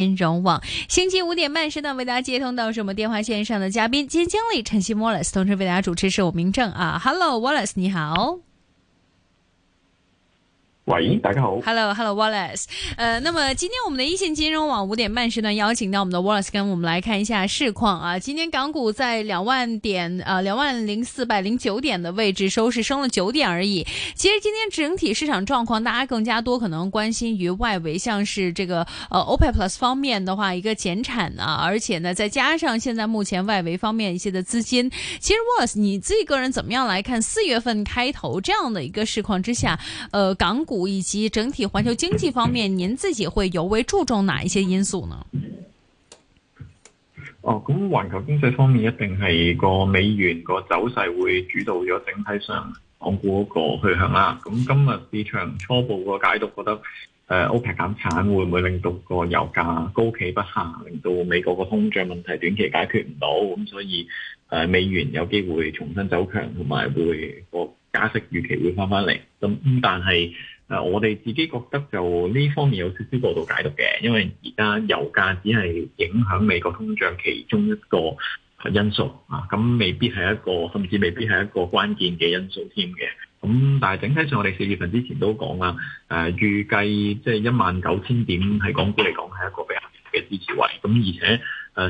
金融網，星期五點半，現在為大家接通到是我們電話線上的嘉賓兼經理陳昕 Wallace，同時為大家主持是我明正啊，Hello Wallace，你好。喂，大家好，Hello，Hello，Wallace，呃，hello, hello, Wallace uh, 那麼今天我們的一線金融網五點半時段邀請到我們的 Wallace 跟我們來看一下市況啊。今天港股在兩萬點，呃，兩萬零四百零九點的位置收市，升了九點而已。其實今天整體市場狀況，大家更加多可能關心於外圍，像是這個呃 OPEC Plus 方面的話，一個減產啊，而且呢，再加上現在目前外圍方面一些的資金，其實 Wallace 你自己個人怎麼樣來看四月份開頭這樣的一個市況之下，呃，港股。以及整體環球經濟方面，您自己會尤為注重哪一些因素呢？哦，咁環球經濟方面一定係個美元個走勢會主導咗整體上港股嗰個去向啦。咁、嗯、今日市場初步個解讀覺得，誒、呃、OPEC 減產會唔會令到個油價高企不下，令到美國個通脹問題短期解決唔到，咁所以誒、呃、美元有機會重新走強，同埋會個加息預期會翻翻嚟。咁但係啊、我哋自己覺得就呢方面有少少過度解讀嘅，因為而家油價只係影響美國通脹其中一個因素啊，咁未必係一個，甚至未必係一個關鍵嘅因素添嘅。咁但係整體上，我哋四月份之前都講啦，誒、啊、預計即係一萬九千點係港股嚟講係一個比較嘅支持位。咁而且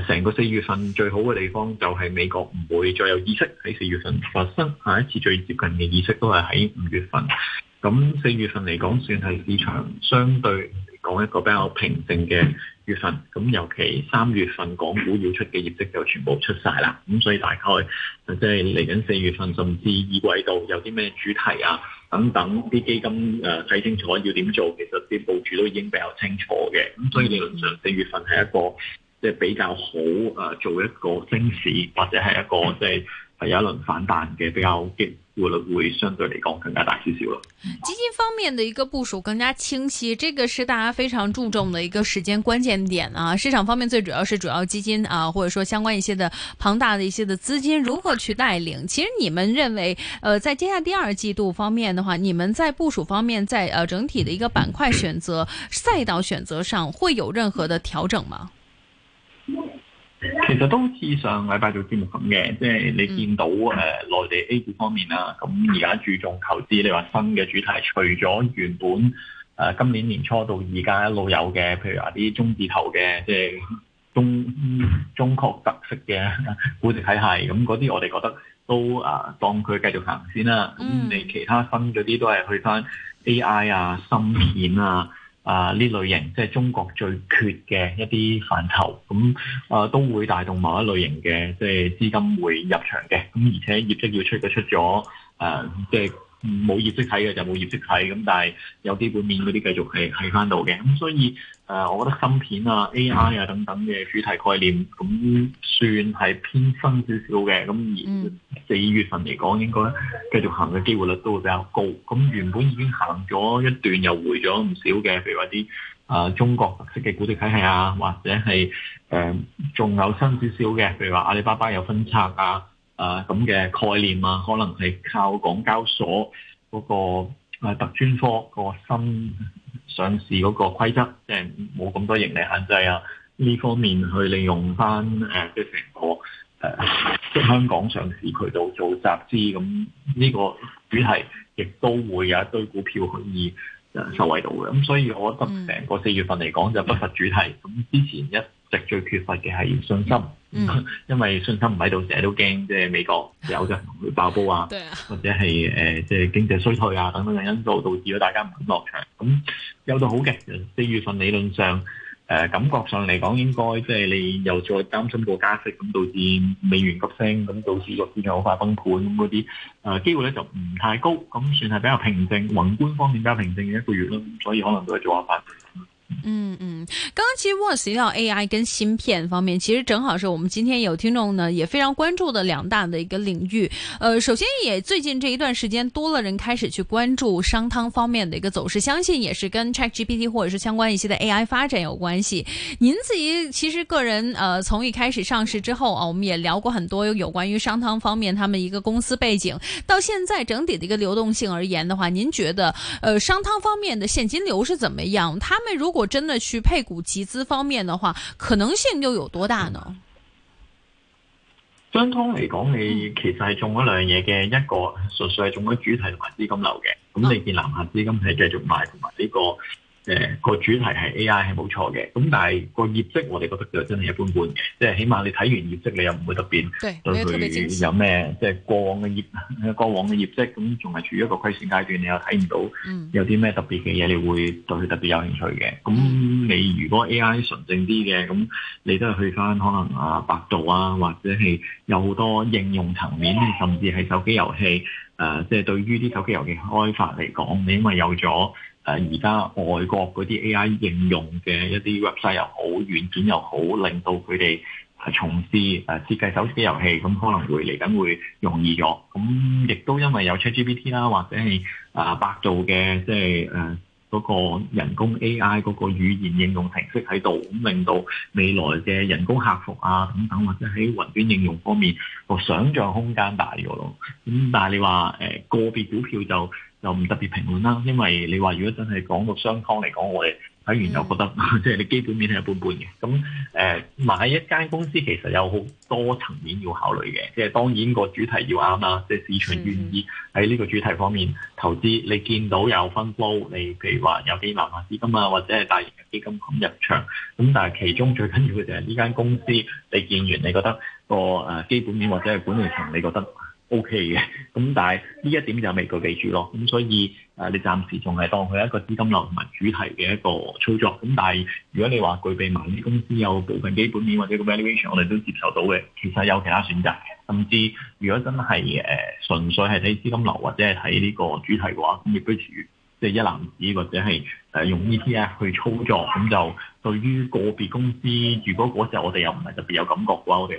成、啊、個四月份最好嘅地方就係美國唔會再有議息喺四月份發生，下一次最接近嘅議息都係喺五月份。咁四月份嚟講算係市場相對講一個比較平靜嘅月份。咁尤其三月份港股要出嘅業績就全部出晒啦，咁所以大概即係嚟緊四月份，甚至二季度有啲咩主題啊等等啲基金誒睇、呃、清楚要點做，其實啲部署都已經比較清楚嘅。咁所以理論上四月份係一個即係，就是，比較好，誒、呃、做一個升市或者係一個即係。就是有一輪反彈的比較機會率會相對來講更加大少少了。基金方面的一個部署更加清晰，這個是大家非常注重的一個時間關鍵點啊。市場方面最主要是主要基金啊，或者說相關一些的龐大的一些的資金如何去帶領。其實你們認為，呃，在接下第二季度方面的話，你們在部署方面在，在呃整體的一個板塊選擇賽道選擇上，會有任何的調整嗎？其實都好似上禮拜做節目咁嘅，即、就、係、是、你見到誒內、呃嗯、地 A 股方面啦，咁而家注重投資，你話新嘅主題，除咗原本誒、呃、今年年初到而家一路有嘅，譬如話啲中字頭嘅，即、就、係、是、中中國特色嘅估值體系，咁嗰啲我哋覺得都誒、啊、當佢繼續行先啦。咁你、嗯、其他新嗰啲都係去翻 AI 啊、芯片啊。啊！呢類型即係中國最缺嘅一啲範疇，咁啊都會帶動某一類型嘅即係資金會入場嘅。咁而且業績要出嘅出咗，誒、啊、即係冇業績睇嘅就冇業績睇。咁但係有啲基本面嗰啲繼續係返翻到嘅。咁所以。誒、呃，我覺得芯片啊、AI 啊等等嘅主題概念，咁算係偏新少少嘅。咁而四月份嚟講，應該繼續行嘅機會率都會比較高。咁原本已經行咗一段，又回咗唔少嘅。譬如話啲、呃、中國特色嘅估值體系啊，或者係誒仲有新少少嘅，譬如話阿里巴巴有分拆啊，誒咁嘅概念啊，可能係靠港交所嗰個特專科個新上市嗰個規則，即係冇咁多盈利限制啊，呢方面去利用翻即係成個即係、呃、香港上市渠道做集資，咁呢個主題亦都會有一堆股票可以受惠到嘅。咁所以，我覺得成個四月份嚟講就不乏主題。咁之前一最最缺乏嘅係信心，因為信心唔喺度，成日都驚，即係美國有人會爆煲啊，或者係誒，即係經濟衰退啊等等嘅因素，導致咗大家唔肯落場。咁有到好嘅，四月份理論上，誒感覺上嚟講，應該即係你又再擔心過加息，咁導致美元急升，咁導致個市場好快崩盤咁嗰啲，誒機會咧就唔太高。咁算係比較平靜，宏觀方面比較平靜嘅一個月咯，所以可能都係做下反。嗯嗯，剛剛其實我提到 AI 跟芯片方面，其實正好是我們今天有聽眾呢也非常關注的兩大的一個領域。呃，首先也最近這一段時間多了人開始去關注商湯方面的一個走勢，相信也是跟 ChatGPT 或者是相關一些的 AI 發展有關係。您自己其實個人呃，從一開始上市之後啊，我們也聊過很多有關於商湯方面他們一個公司背景，到現在整體的一個流動性而言的話，您覺得呃商湯方面的現金流是怎麼樣？他們如果如果真的去配股集資方面的話，可能性又有多大呢？整體嚟講，你其實係中咗兩嘢嘅，嗯、一個純粹係中咗主題同埋資金流嘅。咁你見南下資金係繼續買同埋呢個。誒個主題係 A.I 係冇錯嘅，咁但係個業績我哋覺得就真係一般般，即係起碼你睇完業績你又唔會特別對佢有咩即係過往嘅業過往嘅業績，咁仲係處於一個虧損階段，你又睇唔到有啲咩特別嘅嘢，你會對佢特別有興趣嘅。咁、嗯嗯、你如果 A.I 純正啲嘅，咁你都係去翻可能啊百度啊，或者係有好多應用層面，嗯、甚至係手機遊戲，誒即係對於啲手機遊戲開發嚟講，你因為有咗。誒而家外國嗰啲 AI 應用嘅一啲 website 又好，軟件又好，令到佢哋係從事誒、呃、設計手機遊戲，咁可能會嚟緊會容易咗。咁亦都因為有 ChatGPT 啦，或者係啊百度嘅即係誒嗰個人工 AI 嗰個語言應用程式喺度，咁令到未來嘅人工客服啊等等，或者喺雲端應用方面個想象空間大咗咯。咁、嗯、但係你話誒、呃、個別股票就？就唔特別評論啦，因為你話如果真係講到雙方嚟講，我哋睇完又覺得，嗯、即係你基本面係一般般嘅。咁誒、呃、買一間公司其實有好多層面要考慮嘅，即係當然個主題要啱啦，即係市場願意喺呢個主題方面投資。嗯、你見到有 fund flow，你譬如話有幾萬萬資金啊，或者係大型嘅基金咁入場。咁但係其中最緊要嘅就係呢間公司，你見完你覺得個基本面或者係管理層，你覺得？O K 嘅，咁、okay，但係呢一點就未夠記住咯。咁所以，誒你暫時仲係當佢一個資金流同埋主題嘅一個操作。咁但係，如果你話具備某啲公司有部分基本面或者個 valuation，我哋都接受到嘅，其實有其他選擇。甚至如果真係誒純粹係睇資金流或者係睇呢個主題嘅話，咁亦不如即係一籃子或者係誒用 E T F 去操作。咁，就對於個別公司，如果嗰時候我哋又唔係特別有感覺嘅話，我哋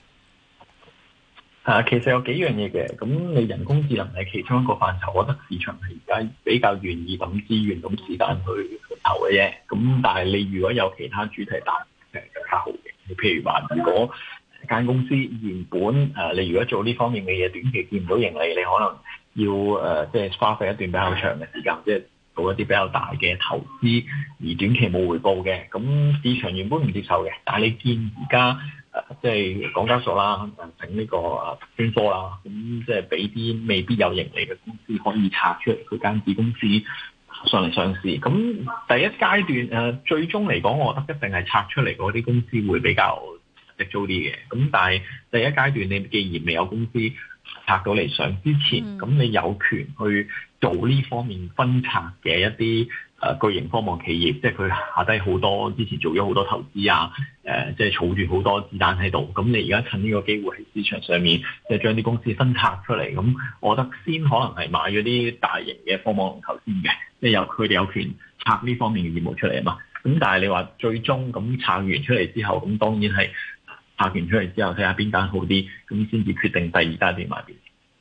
啊，其實有幾樣嘢嘅，咁你人工智能係其中一個範疇，我覺得市場係而家比較願意等資源、揼時間去投嘅啫。咁但係你如果有其他主題大，就更加好嘅。你譬如話，如果間公司原本、啊、你如果做呢方面嘅嘢，短期見唔到盈利，你可能要、呃、即係花費一段比較長嘅時間，即係做一啲比較大嘅投資，而短期冇回報嘅，咁市場原本唔接受嘅，但係你見而家。即係港交所啦，整呢個誒專科啦，咁即係俾啲未必有盈利嘅公司可以拆出佢間子公司上嚟上市。咁第一階段誒，最終嚟講，我覺得一定係拆出嚟嗰啲公司會比較直租啲嘅。咁但係第一階段，你既然未有公司拆到嚟上之前，咁、嗯、你有權去做呢方面分拆嘅一啲。誒巨型科網企業，即係佢下低好多，之前做咗好多投資啊，誒、呃，即係儲住好多子彈喺度。咁你而家趁呢個機會喺市場上面，即、就、係、是、將啲公司分拆出嚟。咁我覺得先可能係買咗啲大型嘅科網龍頭先嘅，即係有佢哋有權拆呢方面嘅業務出嚟啊嘛。咁但係你話最終咁拆完出嚟之後，咁當然係拆完出嚟之後，睇下邊間好啲，咁先至決定第二間點買邊。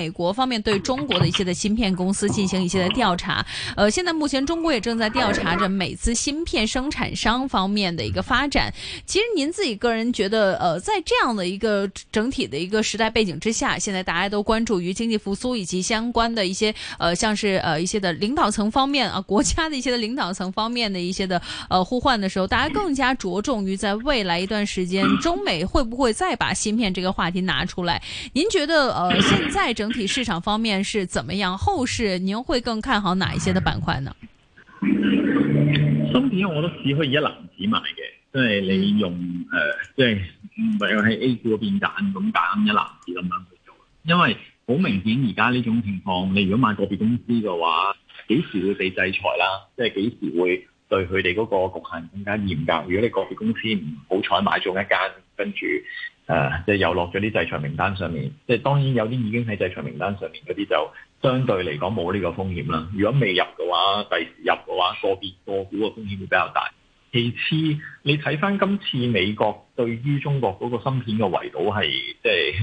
美國方面對中國的一些的芯片公司進行一些的調查，呃，現在目前中國也正在調查着美資芯片生產商方面的一個發展。其實，您自己個人覺得，呃，在這樣的一個整體的一個時代背景之下，現在大家都關注於經濟復甦以及相關的一些，呃，像是呃一些的領導層方面啊，國家的一些的領導層方面的一些的呃呼喚的時候，大家更加着重於在未來一段時間，中美會不會再把芯片這個話題拿出來？您覺得，呃，現在整體整體市場方面是怎麼樣？後市你會更看好哪一些的板塊呢？芯片我都只可以一籃子買嘅，即係你用誒，即係唔係喺 A 股嗰邊揀咁揀一籃子咁樣去做。因為好明顯而家呢種情況，你如果買個別公司嘅話，幾時會被制裁啦？即係幾時會對佢哋嗰個局限更加嚴格？如果你個別公司唔好彩買中一間，跟住。誒，即係、啊、又落咗啲制裁名單上面，即係當然有啲已經喺制裁名單上面嗰啲就相對嚟講冇呢個風險啦。如果未入嘅話，第時入嘅話個別個股嘅風險會比較大。其次，你睇翻今次美國對於中國嗰個芯片嘅圍堵係即係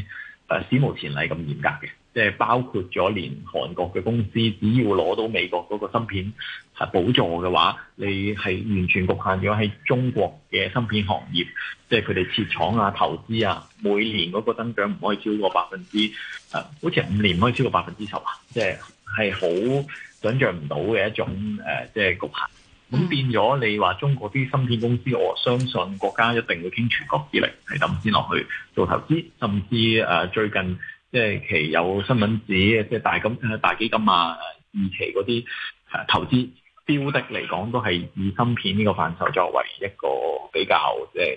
誒史無前例咁嚴格嘅。即係包括咗連韓國嘅公司，只要攞到美國嗰個芯片係補助嘅話，你係完全局限咗喺中國嘅芯片行業。即係佢哋設廠啊、投資啊，每年嗰個增長唔可以超過百分之、啊、好似五年唔可以超過百分之十啊！即係好想象唔到嘅一種、啊即係、局限。咁變咗你話中國啲芯片公司，我相信國家一定會傾全國之力嚟咁先落去做投資，甚至、啊、最近。即係其有新聞指，即係大金大基金啊，二期嗰啲投資標的嚟講，都係以芯片呢個範疇作為一個比較，即係誒、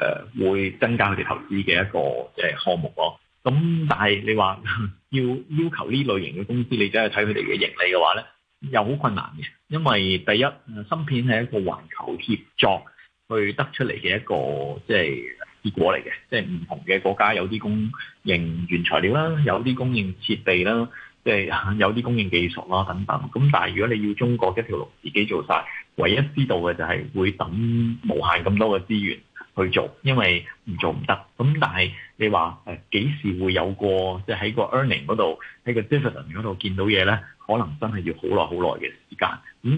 啊、會增加佢哋投資嘅一個即係項目咯。咁但係你話要要求呢類型嘅公司，你真係睇佢哋嘅盈利嘅話咧，又好困難嘅，因為第一芯片係一個環球協作去得出嚟嘅一個即係。結果嚟嘅，即係唔同嘅國家有啲供應原材料啦，有啲供應設備啦，即係有啲供應技術啦等等。咁但係如果你要中國一條路自己做晒，唯一知道嘅就係會等無限咁多嘅資源去做，因為唔做唔得。咁但係你話誒幾時會有個，即係喺個 earning 嗰度，喺個 dividend 嗰度見到嘢咧？可能真係要好耐好耐嘅時間，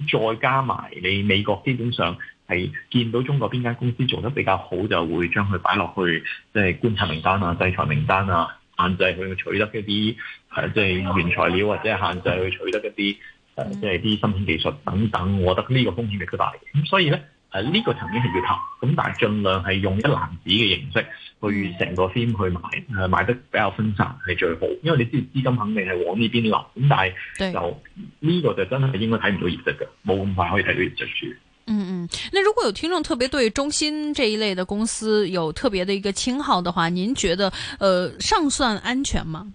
咁再加埋你美國基本上係見到中國邊間公司做得比較好，就會將佢擺落去即係觀察名單啊、制裁名單啊，限制佢取得一啲即係原材料或者係限制佢取得一啲即係啲芯片技術等等。我覺得呢個風險比較大，咁所以呢。誒呢、啊，這個曾經係要投，咁但係盡量係用一籃子嘅形式去成個 team 去買，誒、呃、買得比較分散係最好，因為你知資金肯定係往呢邊流，咁但係就呢對個就真係應該睇唔到業績嘅，冇咁快可以睇到業績出。嗯嗯,那如果有聽眾特別對中芯這一類的公司有特別的一個青睞的話，您覺得，呃，尚算安全嗎？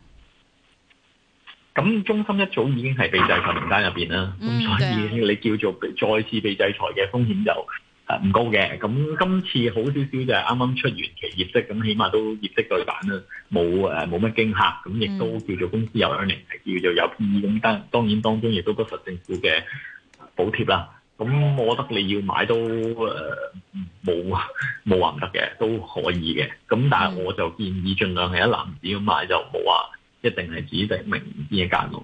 咁、嗯、中芯一早已經係被制裁名單入面啦，咁、嗯啊、所以你叫做再次被制裁嘅風險就唔高嘅。咁今次好少少就係啱啱出完期業績，咁起碼都業績對版啦，冇冇乜驚嚇，咁亦都叫做公司有韌性，叫做有意義。咁但當然當中亦都不乏政府嘅補貼啦。咁我覺得你要買都冇冇話唔得嘅，都可以嘅。咁但係我就建議盡量係一籃子咁買就，就冇話一定係指定明邊一間咯。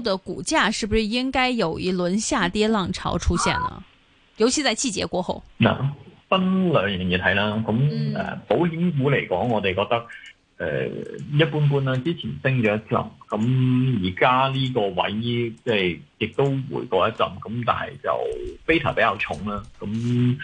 的股價是不是應該有一輪下跌浪潮出現呢？尤其在季節過後。嗱，分兩樣嘢睇啦。咁誒，嗯、保險股嚟講，我哋覺得誒、呃、一般般啦。之前升咗一陣，咁而家呢個位置即係亦都回過一陣，咁但係就 beta 比較重啦。咁誒，唔、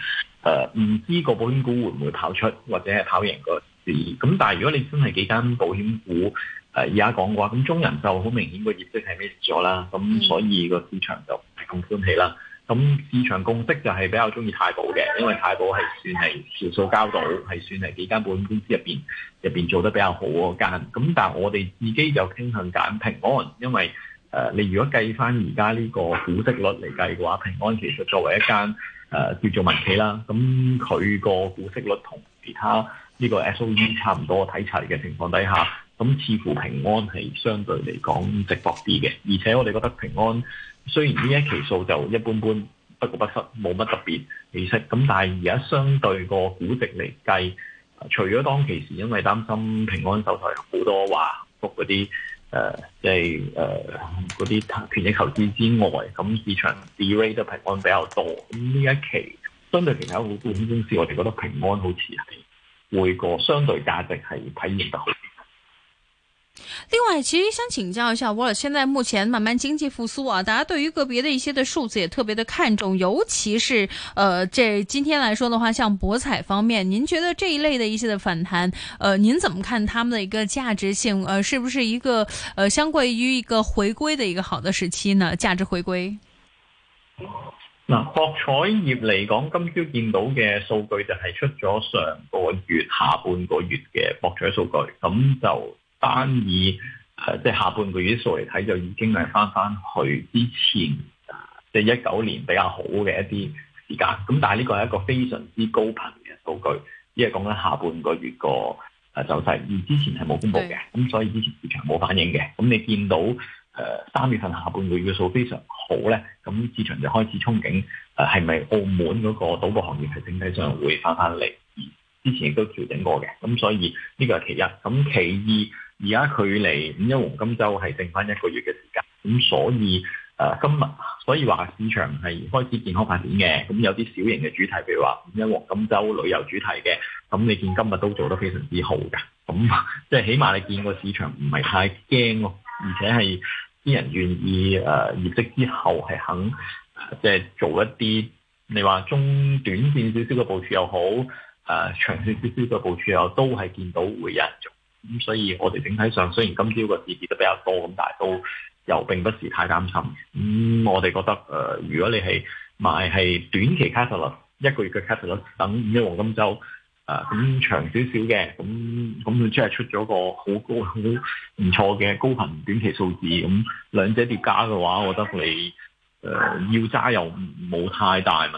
呃、知道個保險股會唔會跑出或者係跑贏個市？咁但係如果你真係幾間保險股。誒而家講嘅話，咁中人就好明顯個業績係 miss 咗啦，咁所以個市場就唔係咁歡喜啦。咁市場共識就係比較鍾意太保嘅，因為太保係算係條數交到，係算係幾間保險公司入面入邊做得比較好嗰間。咁但我哋自己就傾向揀平安，因為誒、呃、你如果計返而家呢個股息率嚟計嘅話，平安其實作為一間誒、呃、叫做民企啦，咁佢個股息率同其他呢個 S O E 差唔多睇齊嘅情況底下。咁似乎平安係相對嚟講值博啲嘅，而且我哋覺得平安雖然呢一期數就一般般，不過不失冇乜特別其實。咁但係而家相對個估值嚟計，啊，除咗當期時因為擔心平安手頭有好多話福嗰啲誒即係誒嗰啲權益投資之外，咁市場 de-rate 得平安比較多。咁呢一期相對其他好保險公司，我哋覺得平安好似係會個相對價值係體現得好。另外，其實想請教一下，我爾，現在目前慢慢經濟復甦啊，大家對於個別的一些的數字也特別的看重，尤其是呃，這今天來說的話，像博彩方面，您覺得這一類的一些的反彈，呃，您怎麼看他們的一個價值性？呃，是不是一個呃，相對於一個回歸的一個好的時期呢？價值回歸？那、啊、博彩業嚟講，今朝見到嘅數據就係出咗上個月、下半個月嘅博彩數據，咁就。單以誒、呃、即係下半個月數嚟睇，就已經係翻翻去之前，即係一九年比較好嘅一啲時間。咁但係呢個係一個非常之高頻嘅數據，因為講緊下半個月個誒走勢，而之前係冇公佈嘅，咁是所以之前市場冇反應嘅。咁你見到誒、呃、三月份下半個月數非常好咧，咁市場就開始憧憬誒係咪澳門嗰個賭博行業係整體上會翻翻嚟？而之前亦都調整過嘅，咁所以呢個係其一。咁其二。而家距離五一黃金週係剩翻一個月嘅時間，咁所以誒、呃、今日，所以話市場係開始健康發展嘅。咁有啲小型嘅主題，譬如話五一黃金週旅遊主題嘅，咁你見今日都做得非常之好嘅。咁即係起碼你見個市場唔係太驚咯，而且係啲人願意誒、呃、業績之後係肯即係做一啲你話中短線少少嘅部署又好，誒、呃、長線少少嘅部署又好，都係見到會有人做。咁、嗯、所以，我哋整體上雖然今朝個市跌得比較多，咁但係都又並不是太擔心。咁、嗯、我哋覺得，誒、呃，如果你係買係短期卡特率，一個月嘅卡特率等五一黃金週，誒、呃，咁長少少嘅，咁咁佢即係出咗個好高好唔錯嘅高頻短期數字，咁兩者疊加嘅話，我覺得你誒、呃、要揸又冇太大問題。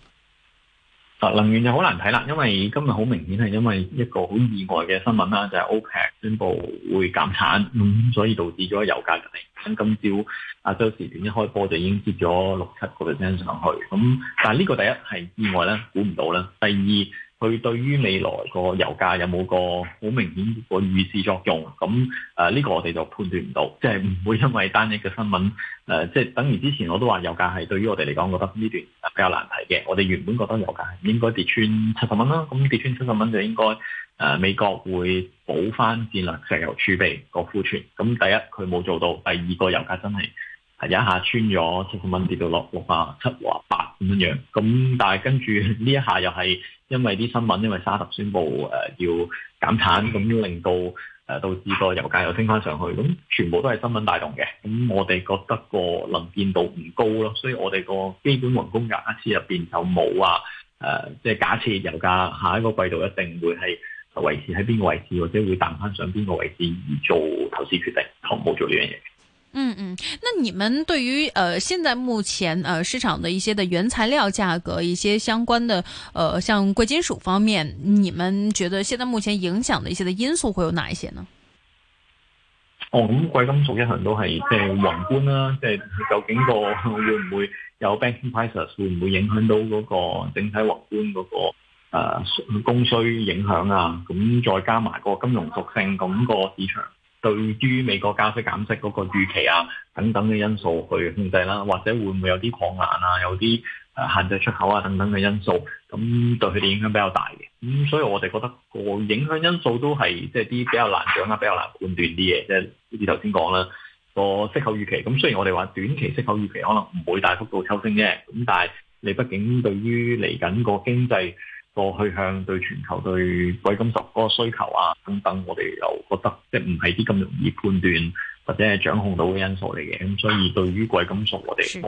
能源就好難睇啦，因為今日好明顯係因為一個好意外嘅新聞啦，就係 OPEC 宣布會減產，咁所以導致咗油價嘅升。今朝亞洲時段一開波就已經跌咗六七個 percent 上去，咁但係呢個第一係意外咧，估唔到啦。第二。佢對於未來個油價有冇個好明顯個預示作用？咁誒呢個我哋就判斷唔到，即係唔會因為單一嘅新聞誒，即係、呃、等於之前我都話油價係對於我哋嚟講，覺得呢段比較難睇嘅。我哋原本覺得油價係應該跌穿七十蚊啦，咁跌穿七十蚊就應該誒、呃、美國會補翻戰略石油儲備個庫存。咁第一佢冇做到，第二個油價真係一下穿咗七十蚊跌到落六啊七或八咁樣。咁但係跟住呢一下又係。因為啲新聞，因為沙特宣布要減產，咁令到導致個油價又升翻上去，咁全部都係新聞帶動嘅。咁我哋覺得個能見度唔高咯，所以我哋個基本運工嘅一次入面就冇話。誒、呃，即係假設油價下一個季度一定會係維持喺邊個位置，或者會彈翻上邊個位置而做投資決定，從冇做呢樣嘢。嗯嗯，那你們對於，呃，現在目前，呃、啊，市場的一些的原材料價格，一些相關的，呃，像貴金屬方面，你們覺得現在目前影響的一些的因素會有哪一些呢？哦，咁貴金屬一向都係即係宏觀啦、啊，即、就、係、是、究竟個會唔會有 banking prices 會唔會影響到嗰個整體宏觀嗰、那個誒供、呃、需影響啊？咁再加埋個金融屬性，咁個市場。對於美國加息減息嗰個預期啊，等等嘅因素去控制啦，或者會唔會有啲抗壓啊，有啲誒限制出口啊，等等嘅因素，咁對佢哋影響比較大嘅。咁、嗯、所以我哋覺得個影響因素都係即係啲比較難掌握、比較難判斷啲嘢，即係好似頭先講啦，個息口預期。咁雖然我哋話短期息口預期可能唔會大幅度抽升啫，咁但係你畢竟對於嚟緊個經濟。過去向對全球對貴金屬嗰個需求啊等等，我哋又覺得即唔係啲咁容易判斷或者係掌控到嘅因素嚟嘅，咁所以對於貴金屬我哋冇誒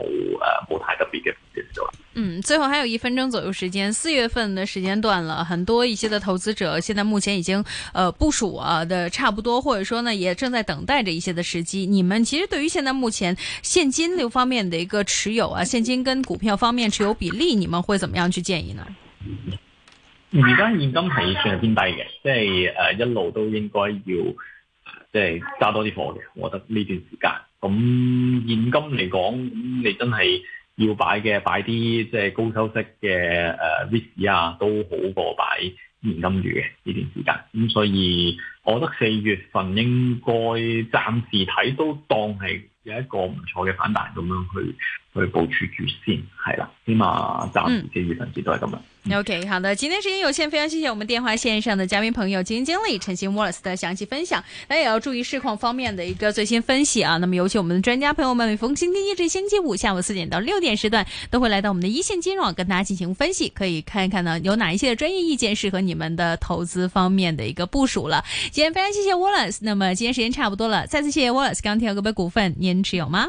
冇太特別嘅判斷咗。嗯，最後還有一分鐘左右時間，四月份嘅時間段，了很多一些嘅投資者，現在目前已經誒、呃、部署啊的差不多，或者說呢也正在等待着一些嘅時機。你們其實對於現在目前現金流方面的一個持有啊，現金跟股票方面持有比例，你們會怎麼樣去建議呢？而家現金係算係偏低嘅，即係誒一路都應該要，即係揸多啲貨嘅。我覺得呢段時間，咁現金嚟講，咁你真係要擺嘅，擺啲即係高收息嘅誒 bit 紙啊，都好過擺現金住嘅呢段時間。咁所以，我覺得四月份應該暫時睇都當係有一個唔錯嘅反彈咁樣去。會部署住先，係啦，起碼暫時呢幾份子都係咁樣。嗯嗯、OK，好的，今天時間有限，非常謝謝我們電話線上的嘉賓朋友基金經理陳昕 Wallace 的詳細分享。那也要注意市況方面的一個最新分析啊。那麼有請我們的專家朋友們，每逢星期一至星期五下午四點到六點時段，都會來到我們的一線金融網跟大家進行分析，可以看一看呢有哪一些的專業意見適合你們的投資方面的一個部署了。今天非常謝謝 Wallace。那麼今天時間差不多了，再次謝謝 Wallace。剛提到各位股份，您持有嗎？